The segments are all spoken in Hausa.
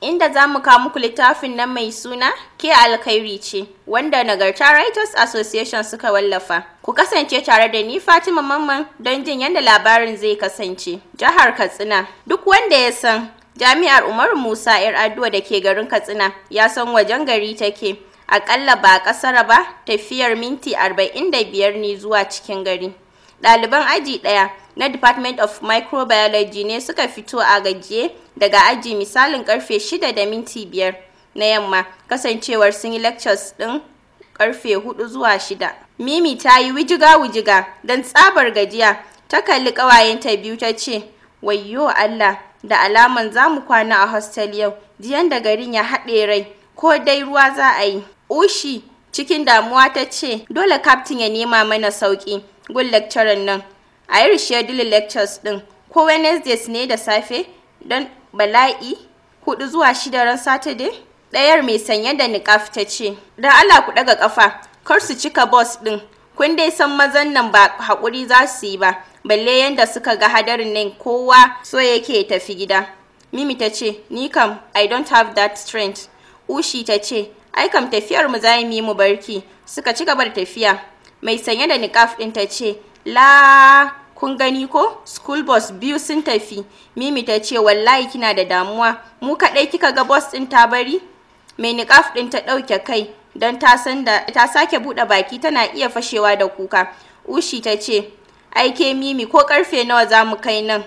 inda za mu kawo muku littafin nan mai suna Ke Alkhairi ce, wanda Nagarta Writers Association suka wallafa. Ku kasance tare da ni Fatima Mamman don jin yadda labarin zai kasance. Jihar Katsina. Duk wanda ya san Jami'ar umaru Musa 'yar addu'a da ke garin Katsina ya san wajen gari take. aƙalla ba ƙasar ba tafiyar minti 45 ne zuwa cikin gari. Ɗaliban aji ɗaya na Department of Microbiology ne suka fito a gajiye daga aji misalin karfe 6 da minti 5 na yamma kasancewar sun yi lectures ɗin karfe 4 zuwa 6. Mimi ta yi wijiga-wijiga don tsabar gajiya ta kalli ƙawayenta biyu ta ce, Wayyo Allah, da alaman za mu kwana a hostel yau, jiyan da garin ya haɗe rai, ko dai ruwa za a yi. Ushi cikin damuwa ta ce, Dole kaftin ya nema mana sauƙi. gun lecturer nan a yi schedule lectures din ko wednesdays ne da safe don bala'i hudu zuwa shida ran saturday ɗayar mai sanye da niƙaf ta ce da allah ku ɗaga ƙafa kar su cika bus ɗin kun dai san mazan nan ba hakuri za su yi ba balle yadda suka ga hadarin nan kowa so yake tafi gida mimi ta ce ni kam i don't have that strength ushi ta ce ai kam tafiyar mu za mu barki suka ci gaba da tafiya mai sanye da nikaf ɗin ta ce la kun gani ko school bus biyu sun tafi mimi ta ce wallahi kina da damuwa mu kaɗai kika ga bus ɗin ta bari mai niƙaf ɗin ta ɗauke kai don ta sake buɗe baki tana iya fashewa da kuka ushi ta ce aike mimi ko karfe nawa za mu kai nan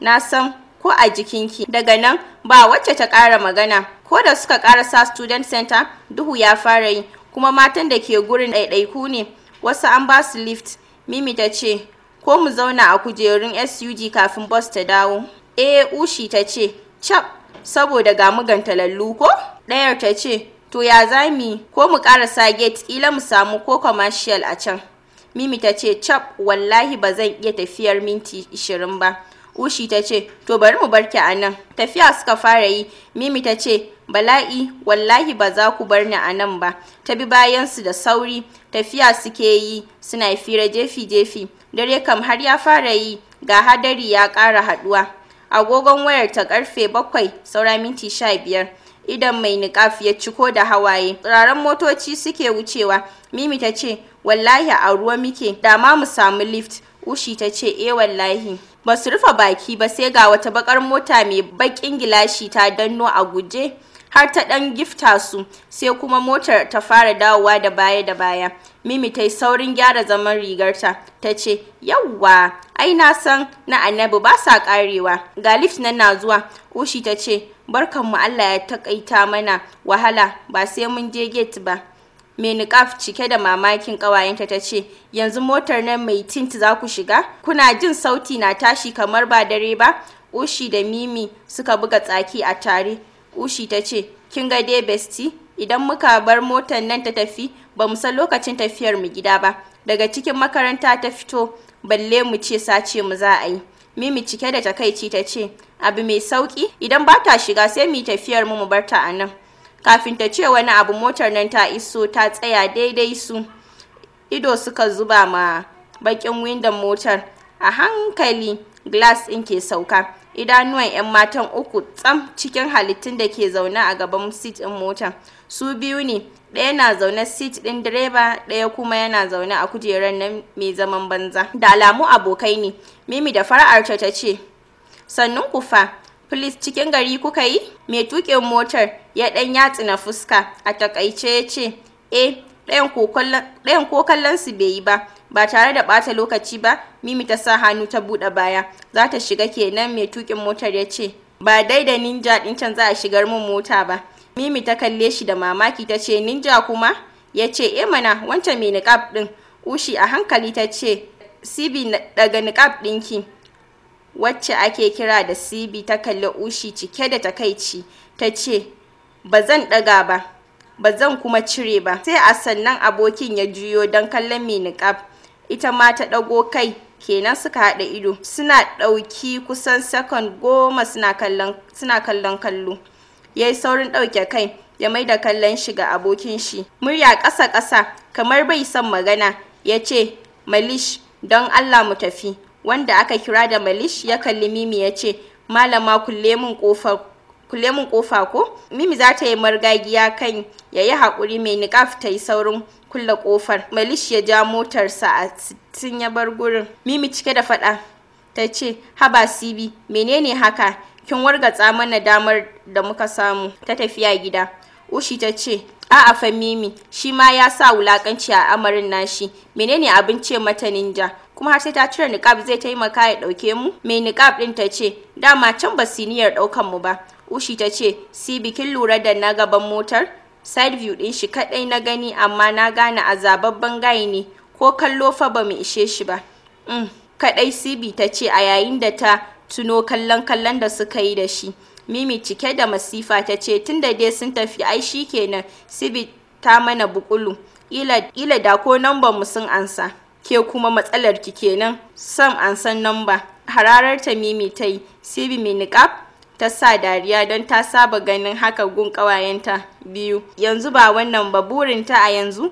na san ko a jikinki daga nan ba wacce ta ƙara magana ko da suka sa student center duhu ya fara yi kuma matan da ke gurin ɗaiɗaiku ne wasu an ba su lift, Mimi ta ce, ko mu zauna a kujerun SUG kafin bus ta dawo. Eh, Ushi ta ce, cap, saboda ga mugan talallu ko? Ɗayar ta ce, to ya za mu ko mu ƙarasa gate ƙila mu samu ko commercial a can. Mimi ta ce, cap, wallahi ba zan iya tafiyar minti 20 ba. Ushi ta ce, to bari mu barki a nan. Tafiya suka fara yi, Mimi ta ce, bala'i, wallahi ba za ku bar ni a nan ba. Ta bi bayansu da sauri, tafiya suke yi suna fira jefi-jefi dare kam har ya fara yi ga hadari ya ƙara haɗuwa agogon wayar ta karfe bakwai saura minti sha biyar idan mai niƙaf ya ciko da hawaye tsiraran motoci suke wucewa mimi ta ce wallahi a ruwa muke Dama mu samu lift ushi ta ce eh wallahi ba su rufe baki ba sai ga wata bakar mota mai bakin gilashi ta danno a guje har ta ɗan gifta su sai kuma motar ta fara dawowa da baya da baya mimi ta yi saurin gyara zaman rigarta ta ce yawwa ai na san na annabi ba sa karewa ga lift nan na zuwa ushi ta ce barkanmu allah ya takaita mana wahala ba sai mun je gate ba mai niƙaf cike da mamakin ƙawayenta ta ce yanzu motar nan mai tint za ku shiga kuna jin sauti na tashi kamar ba dare ba ushi da mimi suka buga tsaki a tare Ushi ta ce, Kin ga dai besti, idan muka bar motar nan ta tafi, ba mu san lokacin tafiyar mu gida ba. Daga cikin makaranta ta fito, balle mu ce sace mu za a yi. Mimi cike da takaici ta ce, Abu mai sauƙi." idan ba ta shiga sai mu tafiyar mu mu bar ta a nan. Kafin ta ce wani abu motar nan ta iso ta tsaya daidai su. Ido suka zuba ma bakin windon motar. A hankali, glass ɗin ke sauka. idanuwan 'yan matan uku tsam cikin halittun da ke zaune a gaban sit ɗin mota su biyu ne ɗaya na zaune sit ɗin direba ɗaya kuma yana zaune a kujerar nan mai zaman banza da alamu abokai ne mimi da fara'ar ta ce sannun ku fa Filis cikin gari kuka yi? Mai tuƙin motar ya ɗan yatsi na fuska a takaice ya ce, E, ɗayan ko kallon su bai yi ba, ba tare da ɓata lokaci ba mimi ta sa hannu ta buɗe baya za ta shiga kenan mai tukin motar ya ce ba dai da ninja ɗin can za a shigar mun mota ba mimi ta kalle shi da mamaki ta ce ninja kuma ya ce e mana wancan mai niƙaf ɗin ushi a hankali ta ce sibi daga niƙaf ɗinki wacce ake kira da sibi ta kalli ushi cike da takaici ta ce ba zan ɗaga ba ba zan kuma cire ba sai a sannan abokin ya juyo don kallon mai niƙaf ita ma ta ɗago kai kenan suka haɗa ido suna ɗauki kusan sakan goma suna kallon kallo ya yi saurin ɗauke kai ya mai da kallon shi ga abokin shi murya ƙasa ƙasa kamar bai son magana ya ce malish don allah mu tafi wanda aka kira da malish ya kalli mimi ya ce malama kulle min ƙofar kulle mun kofa ko mimi za ta yi margagiya kan ya yi haƙuri mai niƙaf ta yi saurin kulle kofar malish ya ja motarsa a sittin ya bar gurin mimi cike da faɗa ta ce haba sibi menene haka kin wargatsa mana damar da muka samu ta tafiya gida ushi ta ce a'a fa mimi shi ma ya sa wulakanci a amarin nashi menene abin ce mata ninja kuma har sai ta cire niqab zai taimaka ya dauke mu mai niqab din ta ce dama can ba siniyar daukan mu ba Ushi ta ce, "Si bikin lura da na gaban motar, side view ɗin shi kaɗai na gani amma na gane a zababban gayi ne, ko kallo fa ba mu ishe shi ba." Mm, kaɗai Sibi ta ce a yayin da ta tuno kallon kallon da suka yi da shi. Mimi cike da masifa ta ce, tun da dai sun tafi ai shi kenan, Sibi ta mana bukulu, ila da ko namban mu sun ansa." Ke kuma matsalar ki kenan, son ansan namba. Hararar ta Mimi ta yi, Sibi mai niƙaf ta sa dariya don ta saba ganin haka gun ƙawayenta biyu yanzu ba wannan ba burinta a yanzu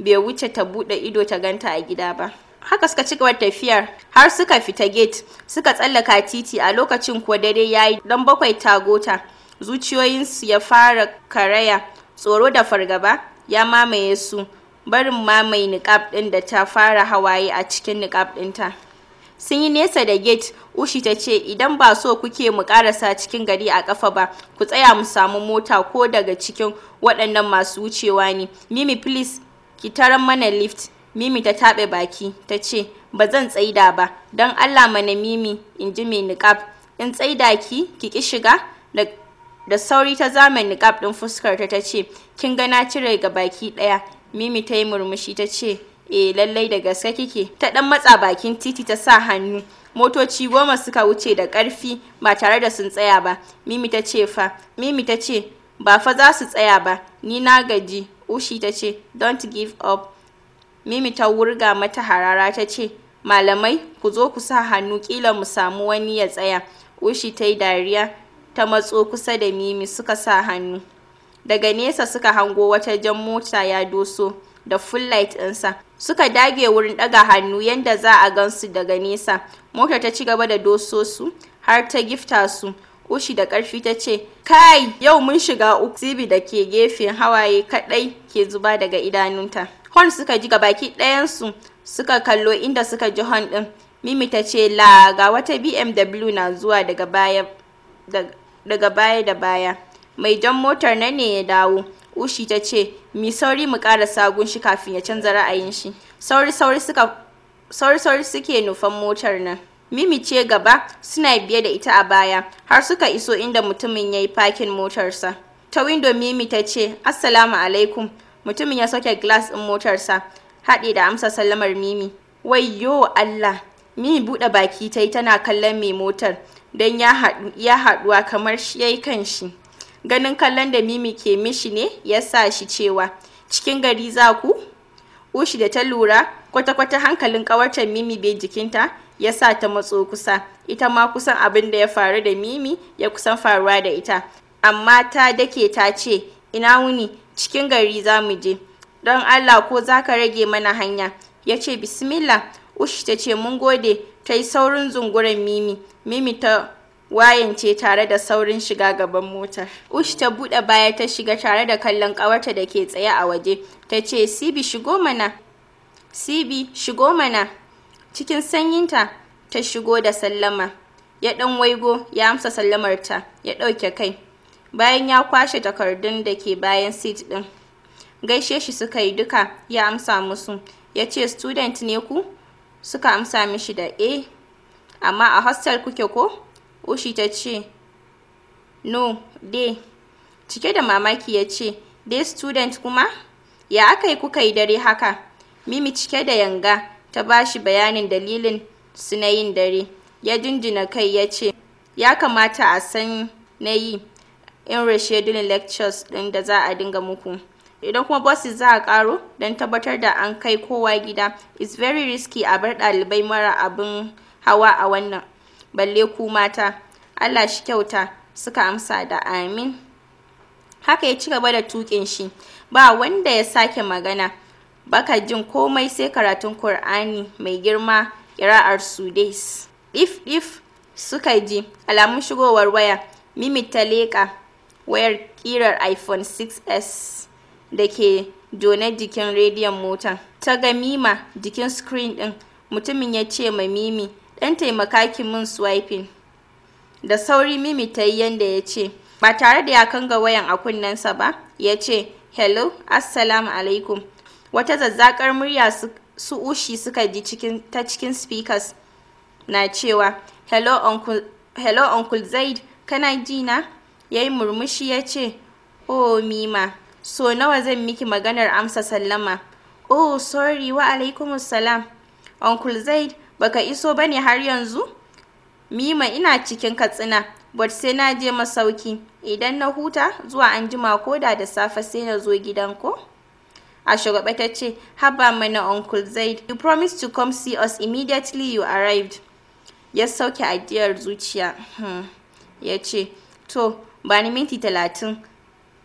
bai wuce ta buɗe ido ta ganta a gida ba haka suka ci gaba tafiyar har suka fita gate suka tsallaka titi a lokacin kuwa dare yi don bakwai ta tagota zuciyoyinsu ya fara karaya tsoro da fargaba ya mamaye su barin mamaye niƙab ɗin da ta fara hawaye a cikin niƙab ɗinta sun yi nesa da gate ushi ta ce idan ba so kuke mu karasa cikin gari a kafa ba ku tsaya mu samu mota ko daga cikin waɗannan masu wucewa ne mimi please ki taran mana lift mimi ta taɓe baki ta ce ba zan tsaida ba don allah mana mimi in ji mai niƙaf in tsaida ki ki ki shiga da sauri ta zama niƙaf ɗin fuskarta ta ce kin ga na cire ga baki ɗaya mimi ta yi murmushi ta ce e lallai da gaske kike ta dan matsa bakin titi ta sa hannu motoci goma suka wuce da ƙarfi ba tare da sun tsaya ba mimi ta ce fa mimi ta ce ba fa za su tsaya ba ni na gaji ushi ta ce don't give up mimi ta wurga mata harara ta ce malamai ku zo ku sa hannu kila mu samu wani ya tsaya ushi ta yi dariya ta matso kusa da mimi suka sa hannu daga nesa suka hango wata jan mota ya doso da full light ɗinsa suka dage wurin ɗaga hannu yadda za a gansu daga nesa motar ta ci gaba da doso su har ta gifta su ushi da karfi ta ce kai yau mun shiga uku zibi da ke gefen hawaye kaɗai ke zuba daga idanunta horn suka ji baki ɗayansu suka kallo inda suka ji horn ɗin mimi ta ce la ga wata bmw na zuwa daga baya daga baya da baya mai jan motar na ne ya dawo ushi ta ce mi sauri mu ƙara sagun shi kafin ya canza ra'ayin shi sauri sauri suke nufan motar nan mimi ce gaba suna biye da ita a baya har suka iso inda mutumin ya yi fakin motarsa ta windo mimi ta ce assalamu alaikum mutumin ya soke glass ɗin motarsa haɗe da amsa sallamar mimi Wai, wayyo allah mimi buɗe baki ta yi tana kallon mai motar don ya haɗuwa kamar shi ya yi kan shi Ganin kallon da Mimi ke mishi ne ya sa shi cewa, cikin gari za ku? Ushi da ta lura kwata-kwata hankalin ƙawartar Mimi bai jikinta ya sa ta matso kusa, ita ma kusan abin da ya faru da Mimi ya kusan faruwa da ita. Amma ta dake ta ce, ina wuni, cikin gari za mu je, don Allah ko za ka rage mana hanya. Ya ce, Bismillah, Ushi ta ce, mun gode, ta yi saurin zunguren Mimi, Mimi ta ce tare da saurin shiga gaban motar. Ush ta buɗe baya ta shiga tare da kallon ƙawarta da ke tsaye a waje. Ta ce, Sibi shigo mana. Sibi shigo mana. Cikin sanyinta ta shigo da sallama. Ya ɗan waigo ya amsa sallamarta ya ɗauke kai. Bayan ya kwashe takardun da ke bayan sit ɗin. Gaishe shi suka yi duka ya amsa musu. Ya ce, student ne ku? Suka amsa mishi da eh. Amma a hostel kuke ko? Ushi ta ce, No, dai. Cike da mamaki ya ce, Dai student kuma? Ya aka yi kuka yi dare haka? Mimi cike da yanga ta ba shi bayanin dalilin su na yin dare. Ya jinjina kai ya ce, Ya kamata a san na yi in reshedulin lectures ɗin da za a dinga muku. Idan kuma bosses za a ƙaro don tabbatar da an kai kowa gida, it's very risky a bar ɗalibai mara abin hawa a wannan balle ku mata Allah shi kyauta suka amsa da amin haka ya ci gaba da tukin shi ba wanda ya sake magana baka jin komai sai karatun Kur'ani mai girma kira'ar Sudais if if suka ji alamun shigowar waya Mimi ta leƙa wayar kirar iPhone 6s da ke jona jikin rediyon mota ta ga Mima jikin screen din mutumin ya ce ma Mimi ɗan taimaka ki mun swiping da sauri mimi ta yi yanda ya ce ba tare da ya kanga wayan a kunnensa ba ya ce hello assalamu alaikum wata zazzakar murya su, su ushi suka ji cikin ta cikin speakers na cewa hello uncle, hello uncle zaid kana ji na ya yi murmushi ya ce oh mima so nawa zan miki maganar amsa sallama oh sorry wa alaikumus uncle zaid baka iso ba ne har yanzu? Mima ina cikin Katsina, but sai na je masauki. Idan na huta zuwa anjima ko da safe sai na zo gidan ko? A shugaba ta ce, Haba mana Uncle Zaid, you promised to come see us immediately you arrived. Ya sauke ajiyar zuciya. Hmm. Ya ce, To, ba ni minti talatin.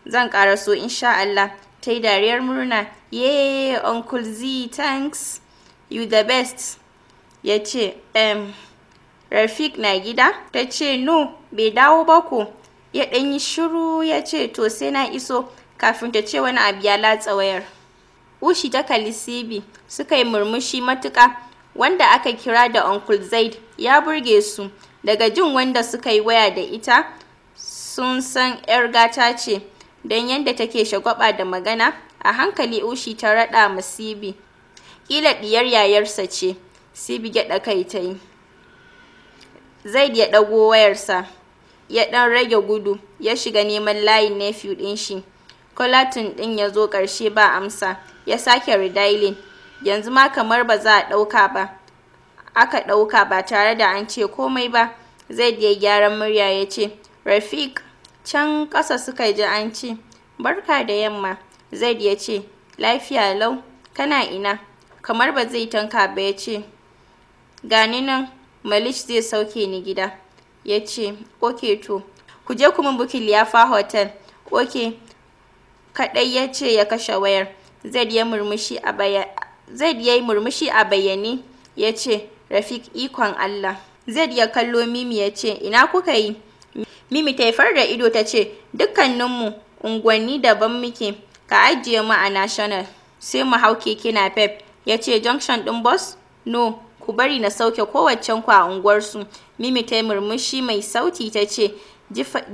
Zan in insha Allah. Ta yi dariyar murna. Yay, Uncle Z, thanks. You the best. ya ce, "Em, Rafik na gida?" Ta ce, "No, bai dawo ba ko." Ya ɗan yi shiru ya ce, "To sai na iso," kafin ta ce wani abu ya latsa wayar. Ushi ta kalli Sibi suka yi murmushi matuƙa, wanda aka kira da Uncle Zaid ya burge su. Daga jin wanda suka yi waya da ita, sun san 'yar gata ce, don yadda take shagwaba da magana, a hankali Ushi ta raɗa ma Sibi. Ƙila ɗiyar yayarsa ce. Sibi gyaɗa kai ta yi. Zaid ya ɗago wayarsa, ya ɗan rage gudu, ya shiga neman layin nephew ɗin shi. Kolatin ɗin ya zo ƙarshe ba amsa, ya sake redialing. Yanzu ma kamar ba za a ɗauka ba. Aka ɗauka ba tare da an ce komai ba. Zaid ya gyaran murya ya ce, rafik can ƙasa suka ji an ce, Barka da yamma. Zaid ya ce, Lafiya lau, kana ina? Kamar ba zai tanka ba ya ce, gani nan malish zai sauke ni gida ya ce oke to ku je kuma buki liyafa hotel oke kaɗai ya ce ya kashe wayar zai ya murmushi a bayyane ya ce rafik ikon allah zai ya kallo mimi ya ce ina kuka yi mimi taifar da ido ta ce dukkaninmu unguwanni daban muke ka ajiye mu a national sai mu hau keke na pep ya ce junction ɗin bus no ku bari na sauke kowaccen ku a unguwarsu mimi ta yi murmushi mai sauti ta ce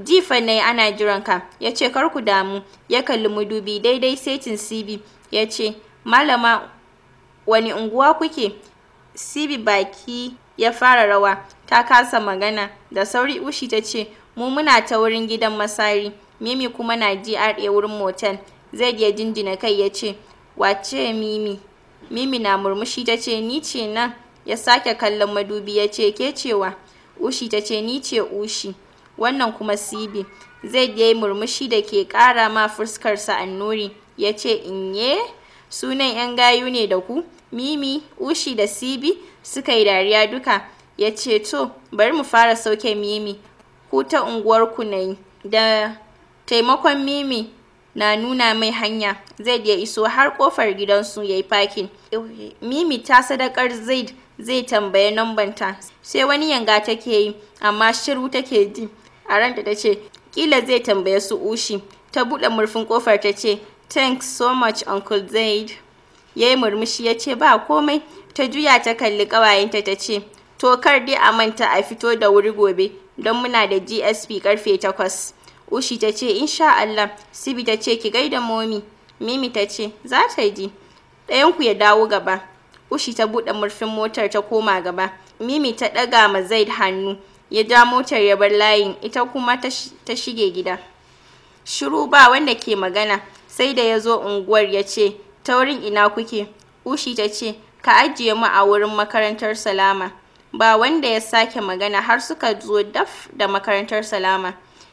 jifa ne ana jiranka ya ce kar ku damu ya kalli mudubi daidai setin sibi ya ce malama wani unguwa kuke sibi baki ya fara rawa ta kasa magana da sauri ushi ta ce mu muna ta wurin gidan masari mimi kuma na GRA wurin motel zai ya jinjina kai ya ce wace mimi mimi na murmushi ta ce ni ce nan ya sake kallon madubi ya ce ke cewa ushi ta ce ni ce ushi wannan kuma sibi zai yi murmushi da ke ƙara ma fuskarsa annuri ya ce inye sunan 'yan gayu ne da ku mimi ushi da sibi suka yi dariya duka ya ce to bari mu fara sauke mimi ku ta unguwarku na yi da taimakon mimi na nuna mai hanya zaid ya iso har kofar gidansu ya yi fakin mimi ta sadakar zaid zai tambaye ta sai wani yanga take yi amma shiru take ji a ranta ta ce kila zai tambaye su ushi ta buɗe murfin kofar ta ce thanks so much uncle zaid ya yi murmushi ya ce ba komai ta juya ta kalli ƙawayenta ta ce to kar dai a manta a fito da wuri gobe don muna da gsp karfe takwas ushi ta ce insha allah sibi ta ce ki gaida momi mimi ta ce za ta ji ɗayanku ya dawo gaba ushi ta buɗe murfin motar ta koma gaba mimi ta ɗaga ma zaid hannu ya ja motar ya bar layin ita kuma ta shige gida shiru ba wanda ke magana sai da ya zo unguwar ya ce ta wurin ina kuke ushi ta ce ka ajiye mu a wurin makarantar salama ba wanda ya sake magana har suka zo daf da makarantar salama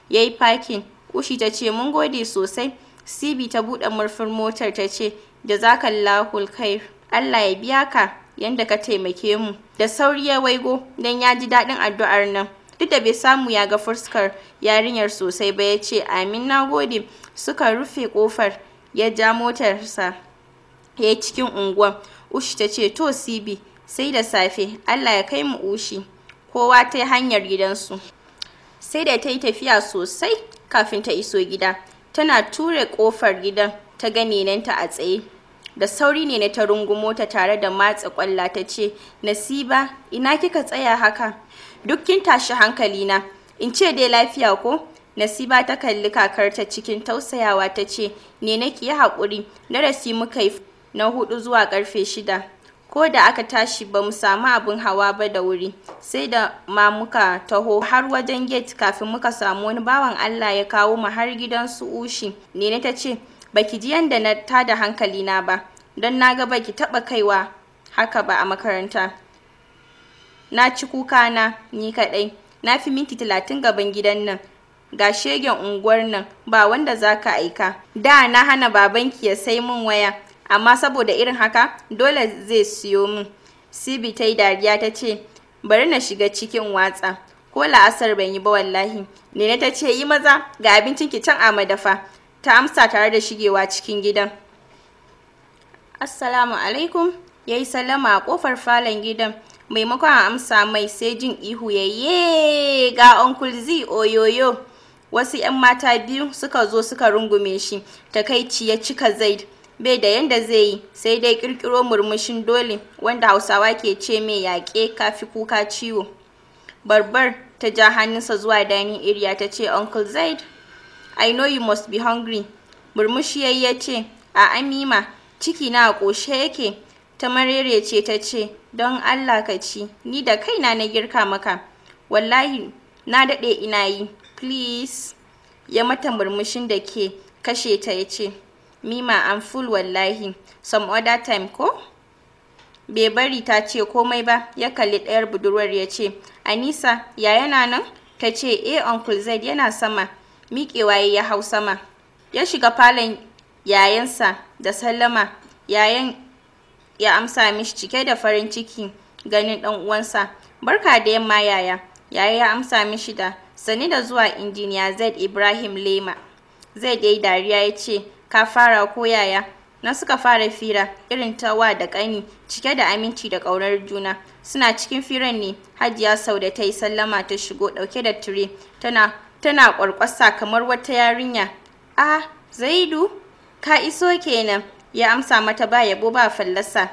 ya yi fakin ushi ta ce mun gode sosai sibi ta buɗe murfin motar ta ce Da za lahul khair Allah ya biya ka yadda ka taimake mu da sauri ya waigo don ya ji daɗin addu'ar nan duk da bai samu ya ga fuskar yarinyar sosai ba ya ce amin na gode suka rufe kofar ya ja motarsa ya yi cikin unguwa ushi ta ce to sibi sai da safe allah ya kai mu ushi kowa ta yi hanyar gidansu sai da ta yi tafiya sosai kafin ta iso gida tana ture kofar gidan ta ga nanta a tsaye da sauri ne na ta rungumo ta tare da matsa kwalla ta ce nasiba ina kika tsaya haka duk kin tashi hankali na in ce dai lafiya ko nasiba ta kalli kakarta cikin tausayawa ta ce ne nake haƙuri darasi muka yi na hudu zuwa karfe shida ko da aka tashi ba mu samu abin hawa ba da wuri sai da ma muka taho har wajen gate kafin muka samu wani bawan allah ya kawo mu har gidan su ushi ne ta ce baki ji yadda na tada hankali na ba don na ga baki taɓa kaiwa haka ba a makaranta na ci kuka na ni kaɗai na fi minti talatin gaban gidan nan ga shegen unguwar nan ba wanda za ka aika da na hana babanki ya sai min waya amma saboda irin haka dole zai siyo min sibi ta yi dariya ta ce bari na shiga cikin watsa ko la'asar ban yi ba wallahi nene ta ce yi maza ga abincin ki can a madafa ta amsa tare da shigewa cikin gidan. Assalamu alaikum, ya yi sallama a ƙofar falon gidan. Maimakon amsa mai sai jin ihu ya ye ga Uncle Z oyoyo. Wasu ‘yan mata biyu suka zo suka rungume shi, takaici ya cika zaid. Bai da yanda zai yi, sai dai ƙirƙiro murmushin dole wanda Hausawa ke ce mai yaƙe kafi kuka ciwo. Barbar ta ja hannunsa zuwa dining area ta ce, Uncle Zaid, I know you must be hungry. Murmushi yayi ya ce, A'a Mima, ciki na a ƙoshe yake. Ta ce ta ce, Don Allah ka ci, ni da kaina na girka maka. Wallahi, na daɗe ina yi, please. Ya mata murmushin da ke kashe ta ya ce, Mima, I'm full wallahi, some other time ko? Bai bari ta ce komai ba, ya kalli ɗayar budurwar ya ce, Anisa, ya yana nan? Ta ce, eh Uncle Zaid yana sama. miƙewa ya hau sama ya shiga falon yayansa da sallama yayan ya amsa mishi cike da farin ciki ganin ɗan uwansa barka da yamma yaya yaya ya amsa mishi da sani da zuwa injiniya zaid ibrahim lema zai dai dariya ya ce ka fara ko yaya na suka fara fira irin ta wa da ƙani cike da aminci da ƙaunar juna suna cikin firan ne hajiya sau da ta yi sallama ta shigo ɗauke da tire tana tana ƙwarƙwasa kamar wata yarinya. "A, Zaidu, ka iso kenan." Ya amsa mata ba yabo ba fallasa.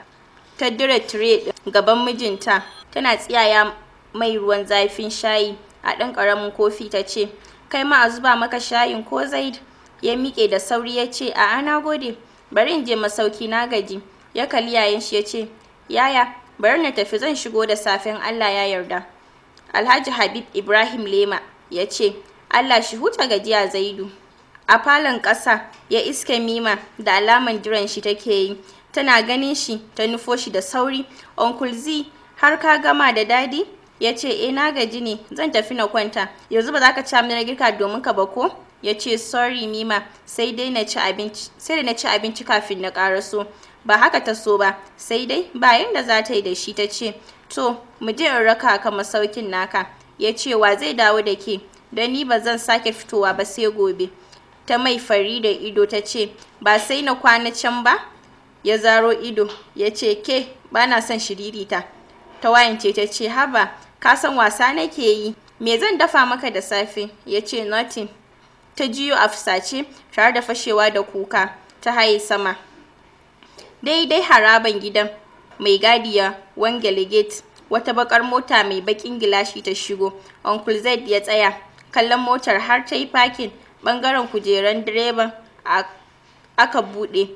Ta dire tire gaban mijinta, tana tsiyaya mai ruwan zafin shayi a ɗan ƙaramin kofi ta ce, "Kai ma a zuba maka shayin ko Zaid?" Ya miƙe da sauri ya ce, "A'a, na gode, bari in je masauki na gaji." Ya kalli yayin shi ya ce, "Yaya, bari na tafi zan shigo da safen Allah ya yarda." Alhaji Habib Ibrahim Lema ya ce, Allah shi huta gajiya Zaidu. A falon ƙasa ya iske Mima da alaman jiran shi take yi, tana ganin shi ta nufo shi da sauri, Uncle Z har ka gama da dadi? Ya ce, e na gaji ne, zan tafi na kwanta, yanzu ba za ka ci na girka domin ka ba ko? Ya ce, sorry Mima, sai dai na ci abinci, sai da na ci abinci kafin na ƙaraso. Ba haka ta so ba, sai dai bayan da za ta yi da shi ta ce, to, mu je in raka ka masaukin naka. Ya ce, wa zai dawo da ke? da ni ba zan sake fitowa ba sai gobe ta mai fari da ido ta ce ba sai na kwana can ba ya zaro ido ya ce ke ba na son shiririta ta wayance ta ce haba ka san wasa nake yi me zan dafa maka da safe ya ce nothing ta jiyo a fusace tare da fashewa da kuka ta haye sama daidai haraban gidan mai gadiya wangele gate wata bakar mota mai bakin gilashi ta shigo uncle zaid ya tsaya kallon motar har ta yi fakin ɓangaren kujeran direban aka buɗe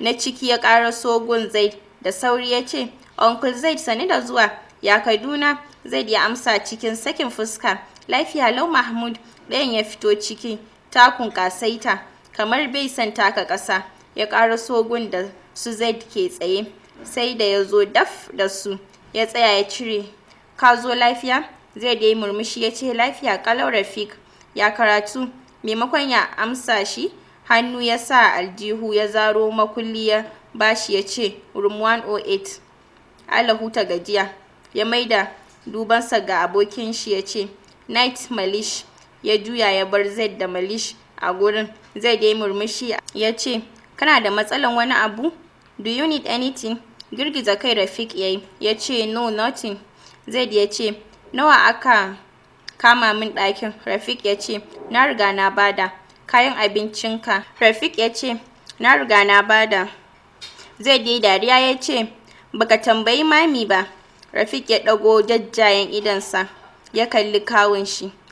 na ciki ya ƙara sogun Zaid da sauri ya ce, onkul Zaid sani da zuwa, ya Kaduna, Zaid ya amsa cikin sakin fuska, lafiya lau Mahmud ɗayan ya fito ciki, takun kasaita kamar bai san taka ƙasa, ya ƙara sogun da su Zaid ke tsaye, sai da ya zo daf da su, ya tsaya ya cire, ka zo lafiya? Zai dai murmushi ya ce lafiya kalau Rafik, ya karatu, maimakon ya amsa shi, hannu ya sa aljihu ya zaro makulli ya bashi ya ce room 108. Allah huta gajiya, ya maida dubansa ga abokin shi ya ce night malish ya juya ya bar zai da malish a gurin zai dai murmushi ya ce kana da matsalan wani abu do you need anything girgiza kai rafik ya yi ya ce no nothing zai ya ce nawa aka kama min ɗakin Rafiq ya ce na riga na bada kayan abincinka Rafiq ya ce na riga na bada zai dai dariya ya ce baka tambayi mami ba Rafiq ya ɗago jajjayen idansa ya kalli kawun shi